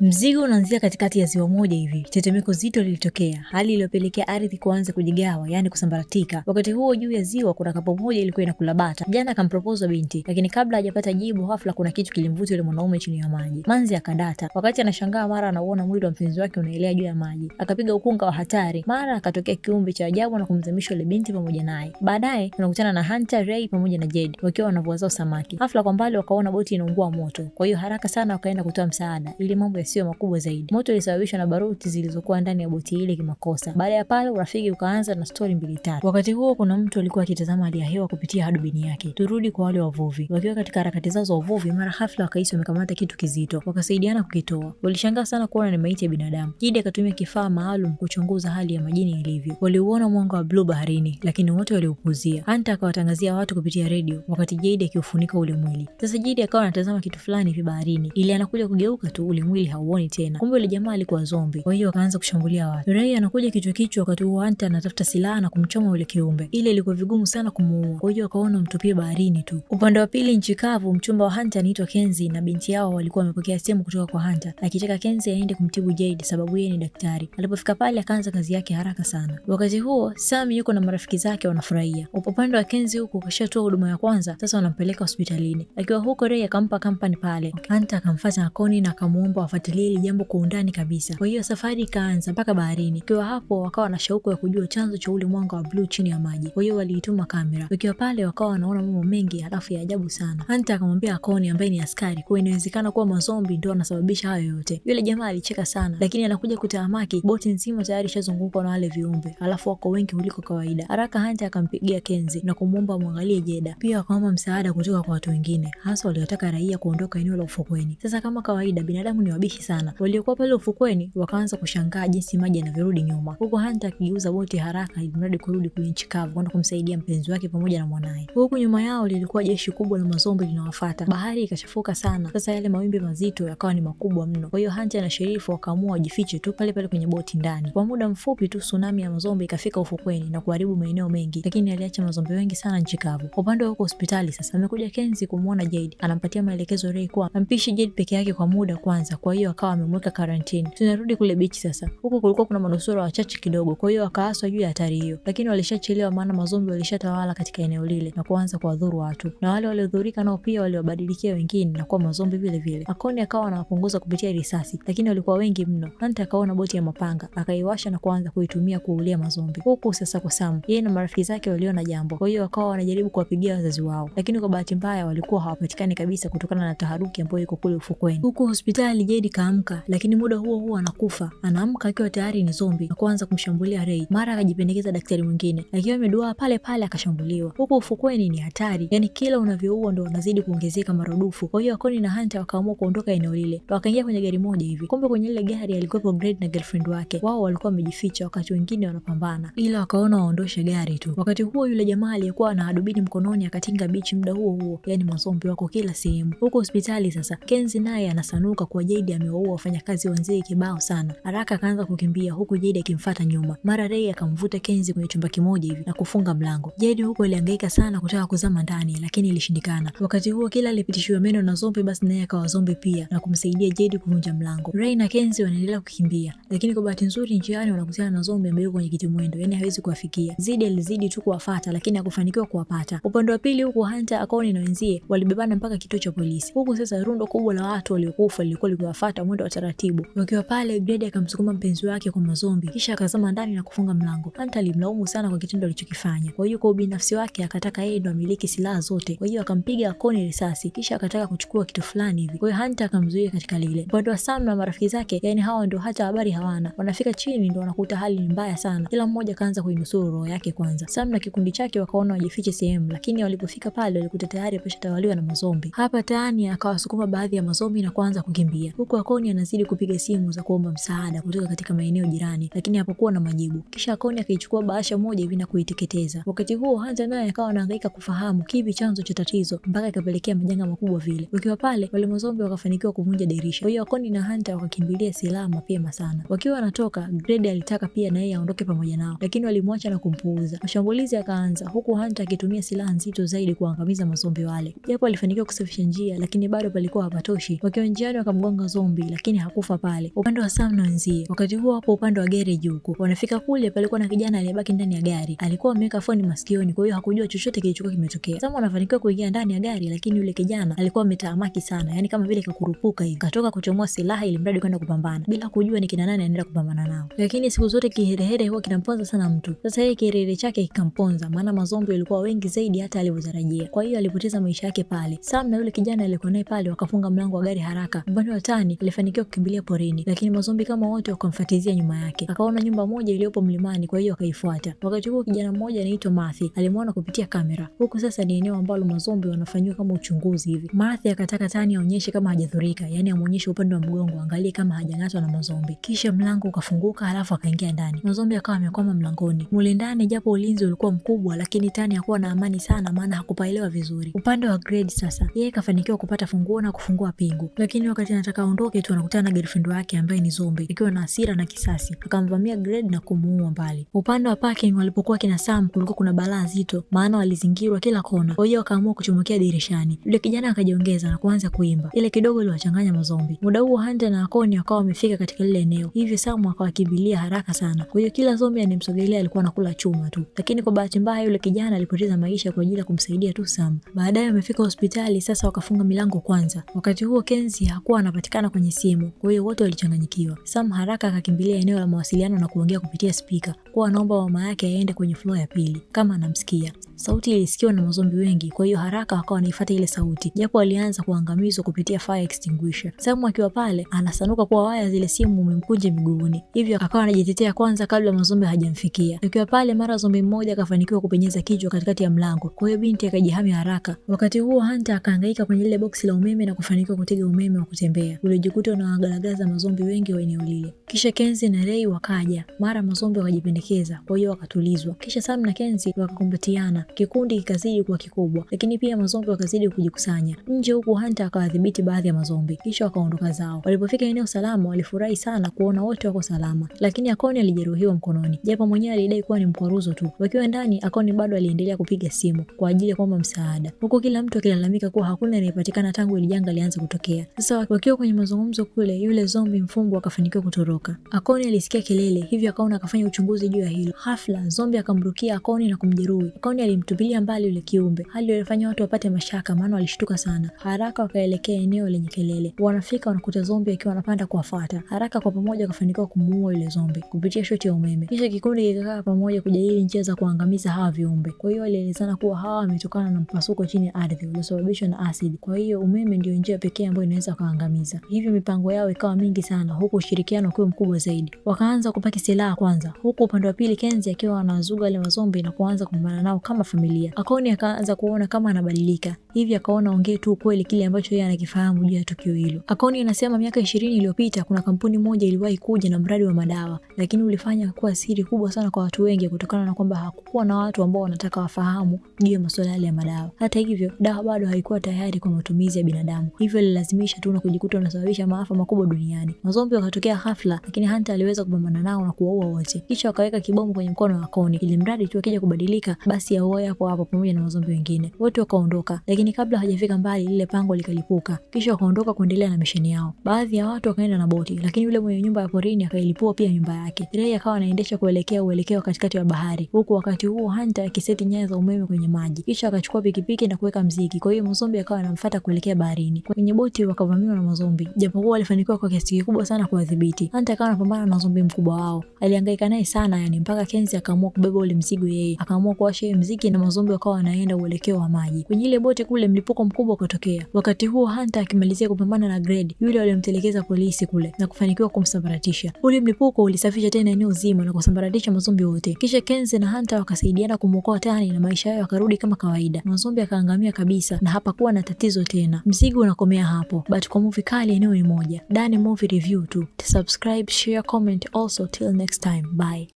Mzigo unaanzia katikati ya ziwa moja hivi, tetemeko zito lilitokea, hali iliyopelekea ardhi kuanza kujigawa, yani kusambaratika. Wakati huo juu ya ziwa kuna kapo moja ilikuwa inakula bata. jana akampropoza binti, lakini kabla hajapata jibu, hafla kuna kitu kilimvuta yule mwanaume chini ya maji. Manzi akadata, wakati anashangaa, mara anauona mwili wa mpenzi wake unaelea juu ya maji, akapiga ukunga wa hatari. Mara akatokea kiumbe cha ajabu na kumzamisha yule binti pamoja naye. Baadaye tunakutana na Hunter, Ray pamoja na Jed wakiwa zao samaki. Hafla kwa mbali wakaona boti inaungua moto, kwa hiyo haraka sana wakaenda kutoa msaada ili mambo yasiwe makubwa zaidi. Moto ulisababishwa na baruti zilizokuwa ndani ya boti ile kimakosa. Baada ya pale, urafiki ukaanza na stori mbili tatu. Wakati huo, kuna mtu alikuwa akitazama hali ya hewa kupitia hadubini yake. Turudi kwa wale wavuvi. Wakiwa katika harakati zao za uvuvi, mara hafla wakahisi wamekamata kitu kizito, wakasaidiana kukitoa. Walishangaa sana kuona ni maiti ya binadamu. Kidi akatumia kifaa maalum kuchunguza hali ya majini ilivyo. Waliuona mwanga wa bluu baharini, lakini wote waliupuzia. hanta akawatangazia watu kupitia redio, wakati Jade akiufunika ule mwili. Sasa Jade akawa anatazama kitu fulani hivi baharini, ili anakuja kugeuka tu ule mwili hauoni tena. Kumbe yule jamaa alikuwa zombi, kwa hiyo akaanza kushambulia watu. Rai anakuja kichwa kichwa, wakati huo Anta anatafuta silaha na kumchoma yule kiumbe, ile ilikuwa vigumu sana kumuua, kwa hiyo akaona mtupie baharini tu. Upande wa pili nchi kavu, mchumba wa Hunter anaitwa Kenzi na binti yao walikuwa wamepokea simu kutoka kwa Hunter akitaka Kenzi aende kumtibu Jade sababu yeye ni daktari. Alipofika pale akaanza kazi yake haraka sana. Wakati huo Sami yuko na marafiki zake wanafurahia. Upande wa Kenzi huko kashatoa huduma ya kwanza, sasa wanampeleka hospitalini. Akiwa huko rei akampa kampani pale, Hunter akamfuata Akoni na akamuomba kufuatilia hili jambo kwa undani kabisa. Kwa hiyo safari ikaanza mpaka baharini. Ukiwa hapo, wakawa na shauku ya kujua chanzo cha ule mwanga wa bluu chini ya maji, kwa hiyo waliituma kamera. Wakiwa pale, wakawa wanaona mambo mengi halafu ya ajabu sana. Hunter akamwambia Akoni ambaye ni askari kuwa inawezekana kuwa mazombi ndio anasababisha hayo yote. Yule jamaa alicheka sana, lakini anakuja kutahamaki, boti nzima tayari ishazungukwa na wale viumbe, alafu wako wengi kuliko kawaida. Haraka Hunter akampigia Kenzi na kumwomba amwangalie Jeda, pia wakaomba msaada kutoka kwa watu wengine, hasa waliotaka raia kuondoka eneo la ufukweni. Sasa kama kawaida, binadamu ni wabishi haijalishi sana. Waliokuwa pale ufukweni wakaanza kushangaa jinsi maji yanavyorudi nyuma, huku Hunter akigeuza boti haraka ili mradi kurudi kwenye nchi kavu kwenda kumsaidia mpenzi wake pamoja na mwanaye. Huku nyuma yao lilikuwa jeshi kubwa la mazombi linawafata. Bahari ikachafuka sana, sasa yale mawimbi mazito yakawa ni makubwa mno. Kwa hiyo Hunter na sherifu wakaamua wajifiche tu pale pale kwenye boti ndani. Kwa muda mfupi tu tsunami ya mazombi ikafika ufukweni na kuharibu maeneo mengi, lakini aliacha mazombi wengi sana nchi kavu. Upande wa huko hospitali sasa amekuja Kenzi kumwona Jade, anampatia maelekezo Ray kuwa ampishi Jade peke yake kwa muda kwanza kwa kwa hiyo akawa amemweka karantini. Tunarudi kule bichi sasa, huko kulikuwa kuna manusura wachache kidogo, kwa hiyo wakaaswa juu ya hatari hiyo, lakini walishachelewa, maana mazombi walishatawala katika eneo lile na kuanza kuwadhuru watu, na wale waliodhurika nao pia waliwabadilikia wengine na kuwa mazombi vile vile. Akoni akawa anawapunguza kupitia risasi, lakini walikuwa wengi mno. Hunter akaona boti ya mapanga akaiwasha na kuanza kuitumia kuulia mazombi. Huku sasa kwa Sam, yeye na marafiki zake waliona jambo, kwa hiyo wakawa wanajaribu kuwapigia wazazi wao, lakini kwa bahati mbaya walikuwa hawapatikani kabisa kutokana na taharuki ambayo iko kule ufukweni. Huku hospitali Reid kaamka, lakini muda huo huo anakufa. Anaamka akiwa tayari ni zombi na kuanza kumshambulia Rei. Mara akajipendekeza daktari mwingine, akiwa ameduaa pale pale akashambuliwa. Huko ufukweni ni hatari, yani kila unavyoua ndo unazidi kuongezeka marudufu. Kwa hiyo Akoni na Hunter wakaamua kuondoka eneo lile, wakaingia kwenye gari moja hivi. Kumbe kwenye ile gari alikuwepo Grade na girlfriend wake, wao walikuwa wamejificha wakati wengine wanapambana, ila wakaona waondoshe gari tu. Wakati huo yule jamaa aliyekuwa na hadubini mkononi akatinga bichi muda huo huo, yani mazombi wako kila sehemu. Huko hospitali sasa, Kenzi naye anasanuka kwa Jade Jade amewaua wafanyakazi wenzake kibao sana. Haraka akaanza kukimbia huku Jade akimfuata nyuma. Mara Rei akamvuta Kenzi kwenye chumba kimoja hivi na kufunga mlango. Jade huko alihangaika sana kutaka kuzama ndani, lakini ilishindikana. Wakati huo kila alipitishiwa meno na zombi, basi naye akawa zombi pia na kumsaidia Jade kuvunja mlango. Rei na Kenzi wanaendelea kukimbia, lakini kwa bahati nzuri njiani wanakutana na zombi ambaye yuko kwenye kitimwendo, yani hawezi kuwafikia. Zidi alizidi tu kuwafata, lakini hakufanikiwa kuwapata. Upande wa pili huko Hunter, Akoni na wenzie walibebana mpaka kituo cha polisi, huku sasa rundo kubwa la watu waliokufa lilikuwa kufuata mwendo wa taratibu. Wakiwa pale, Gredi akamsukuma mpenzi wake kwa mazombi, kisha akazama ndani na kufunga mlango. Hunter alimlaumu sana kwa kitendo alichokifanya. Kwa hiyo kwa ubinafsi wake akataka yeye ndo amiliki silaha zote, kwa hiyo akampiga akoni risasi, kisha akataka kuchukua kitu fulani hivi. Kwa hiyo Hunter akamzuia katika lile. Upande wa Sam na marafiki zake, yani hawa ndo hata habari hawana. Wanafika chini ndo wanakuta hali ni mbaya sana, kila mmoja akaanza kuinusuru roho yake kwanza. Sam na kikundi chake wakaona wajifiche sehemu, lakini walipofika pale walikuta tayari ameshatawaliwa na mazombi. Hapa Tania akawasukuma baadhi ya mazombi na kuanza kukimbia huku huku Akoni anazidi kupiga simu za kuomba msaada kutoka katika maeneo jirani, lakini hapakuwa na majibu. Kisha Akoni akaichukua bahasha moja hivi na kuiteketeza. Wakati huo Hanza naye akawa anahangaika kufahamu kipi chanzo cha tatizo mpaka ikapelekea majanga makubwa vile. Wakiwa pale, wale zombi wakafanikiwa kuvunja dirisha, kwa hiyo Akoni na Hunter wakakimbilia silaha mapema sana. Wakiwa wanatoka, Grade alitaka pia na yeye aondoke pamoja nao, lakini walimwacha na kumpuuza. Mashambulizi yakaanza, huku Hunter akitumia silaha nzito zaidi kuangamiza mazombi wale. Japo alifanikiwa kusafisha njia, lakini bado palikuwa hapatoshi. Wakiwa njiani wakamgonga zombi zombi, lakini hakufa pale. Upande wa Sam na wenzie wakati huo wapo upande wa gereji huko, wanafika kule, palikuwa na kijana aliyebaki ndani ya gari, alikuwa ameweka foni masikioni, kwa hiyo hakujua chochote kilichokuwa kimetokea. Sam anafanikiwa kuingia ndani ya gari, lakini yule kijana alikuwa ametaamaki sana, yani kama vile kakurupuka hivi, katoka kuchomoa silaha ili mradi kwenda kupambana bila kujua ni kina nani anaenda kupambana nao. Lakini siku zote kiherehere huwa kinamponza sana mtu. Sasa yeye kiherehere chake kikamponza, maana mazombi walikuwa wengi zaidi hata alivyotarajia, kwa hiyo alipoteza maisha yake pale. Sam na yule kijana alikuwa naye pale wakafunga mlango wa gari haraka. Upande wa tani mlimani. alifanikiwa kukimbilia porini, lakini mazombi kama wote wakamfatizia nyuma yake. Akaona nyumba moja iliyopo mlimani, kwa hiyo akaifuata. Wakati huo kijana mmoja anaitwa Mathi alimwona kupitia kamera. Huku sasa ni eneo ambalo mazombi wanafanyiwa kama uchunguzi hivi. Mathi akataka Tani aonyeshe kama hajadhurika, yaani amwonyeshe upande wa mgongo, angalie kama hajang'atwa na mazombi. Kisha mlango ukafunguka, halafu akaingia ndani. Mazombi akawa amekwama mlangoni. Mule ndani japo ulinzi ulikuwa mkubwa, lakini Tani hakuwa na amani sana, maana hakupaelewa vizuri. Upande wa Grade sasa, yeye kafanikiwa kupata funguo na kufungua pingu, lakini wakati anataka aondoke tu anakutana na girlfriend wake ambaye ni zombe akiwa na hasira na kisasi, akamvamia Grade na kumuua mbali. Upande wa parking walipokuwa kina Sam kulikuwa kuna balaa zito, maana walizingirwa kila kona, kwa hiyo wakaamua kuchomokea dirishani. Yule kijana akajiongeza na kuanza kuimba, ile kidogo iliwachanganya mazombi. Muda huo Hunter na Akoni wakawa wamefika katika lile eneo, hivyo Sam akawakimbilia haraka sana, kwa hiyo kila zombi anemsogelea alikuwa anakula chuma tu, lakini kwa bahati mbaya yule kijana alipoteza maisha kwa ajili ya kumsaidia tu Sam. Baadaye wamefika hospitali, sasa wakafunga milango kwanza. Wakati huo Kenzi hakuwa anapatikana sana kwenye simu, kwa hiyo wote walichanganyikiwa. Sam haraka akakimbilia eneo la mawasiliano na kuongea kupitia spika kuwa anaomba mama yake aende kwenye floor ya pili kama anamsikia. Sauti ilisikiwa na mazombi wengi, kwa hiyo haraka wakawa wanaifuata ile sauti, japo walianza kuangamizwa kupitia fire extinguisher. Samu akiwa pale anasanuka kuwa waya zile simu umemkunja miguuni, hivyo akawa anajitetea kwanza kabla mazombi hajamfikia. Akiwa pale, mara zombi mmoja akafanikiwa kupenyeza kichwa katikati ya mlango, kwa hiyo binti akajihami haraka. Wakati huo Hunter akahangaika kwenye ile boksi la umeme na kufanikiwa kutega umeme wa kutembea uliojikuta unawagalagaza mazombi wengi wa eneo lile. Kisha Kenzi na rei wakaja, mara mazombi wakajipendekeza, kwa hiyo wakatulizwa. Kisha Sam na Kenzi wakakumbatiana sana, kikundi kikazidi kuwa kikubwa, lakini pia mazombi wakazidi kujikusanya nje huku. Hunter akawadhibiti baadhi ya mazombi kisha wakaondoka zao. Walipofika eneo salama, walifurahi sana kuona wote wako salama, lakini Akoni alijeruhiwa mkononi, japo mwenyewe alidai kuwa ni mkwaruzo tu. Wakiwa ndani, Akoni bado aliendelea kupiga simu kwa ajili ya kuomba msaada, huku kila mtu akilalamika kuwa hakuna anayepatikana tangu ile janga lianza kutokea. Sasa wakiwa kwenye mazungumzo kule, yule zombi mfungwa akafanikiwa kutoroka. Akoni alisikia kelele, hivyo akaona akafanya uchunguzi juu ya hilo. Ghafla zombi akamrukia Akoni na kumjeruhi Akoni alimtupilia mbali yule kiumbe, hali iliyofanya watu wapate mashaka, maana walishtuka sana. Haraka wakaelekea eneo lenye kelele. Wanafika wanakuta zombi akiwa anapanda kuwafuata. Haraka kwa pamoja wakafanikiwa kumuua yule zombi kupitia shoti ya umeme. Kisha kikundi kikakaa pamoja kujadili njia za kuangamiza hawa viumbe. Kwa hiyo walielezana kuwa hawa wametokana na mpasuko chini ya ardhi uliosababishwa na asidi, kwa hiyo umeme ndio njia pekee ambayo inaweza kuangamiza. Hivyo mipango yao ikawa mingi sana, huku ushirikiano ukiwa mkubwa zaidi. Wakaanza kupaki silaha kwanza, huku upande wa pili Kenzi akiwa anazuga wale mazombi na kuanza kupambana nao kama kama familia. Akoni akaanza kuona kama anabadilika, hivi akaona ongee tu ukweli kile ambacho yeye anakifahamu juu ya tukio hilo. Akoni anasema miaka ishirini iliyopita kuna kampuni moja iliwahi kuja na mradi wa madawa, lakini ulifanya kuwa siri kubwa sana kwa watu wengi kutokana na kwamba hakukuwa na watu ambao wanataka wafahamu juu ya masuala yale ya madawa. Hata hivyo, dawa bado haikuwa tayari kwa matumizi ya binadamu, hivyo lilazimisha tu na kujikuta unasababisha maafa makubwa duniani. Mazombi wakatokea ghafla, lakini Hunter aliweza kupambana nao na kuwaua wote, kisha wakaweka kibomu kwenye mkono wa Akoni ili mradi tu akija kubadilika basi ya Mboya hapo hapo pamoja na wazombi wengine wote wakaondoka, lakini kabla hawajafika mbali lile pango likalipuka, kisha wakaondoka kuendelea na misheni yao. Baadhi ya watu wakaenda na boti, lakini yule mwenye nyumba ya porini akailipua pia nyumba yake. Ray akawa anaendesha kuelekea uelekeo wa katikati ya bahari, huku wakati huo Hunter akiseti nyaya za umeme kwenye maji, kisha akachukua pikipiki na kuweka mziki. Kwa hiyo mzombi akawa anamfuata kuelekea baharini. Kwenye boti wakavamiwa na mazombi, japokuwa walifanikiwa kwa kiasi kikubwa sana kuwadhibiti. Hunter akawa anapambana na zombi mkubwa wao, alihangaika naye sana yani mpaka Kenzi akaamua kubeba ule mzigo yeye, akaamua kuwasha mziki samaki na mazombi wakawa wanaenda uelekeo wa maji. Kwenye ile boti kule mlipuko mkubwa ukatokea. Wakati huo Hunter akimalizia kupambana na Grade yule aliyemtelekeza polisi kule na kufanikiwa kumsambaratisha. Ule mlipuko ulisafisha tena eneo zima na kusambaratisha mazombi wote. Kisha Kenze na Hunter wakasaidiana kumwokoa Tani na maisha yao yakarudi kama kawaida. Mazombi akaangamia kabisa na hapakuwa na tatizo tena. Mzigo unakomea hapo. But kwa movie kali eneo ni moja. Dani Movie Review tu. Subscribe, share, comment also till next time. Bye.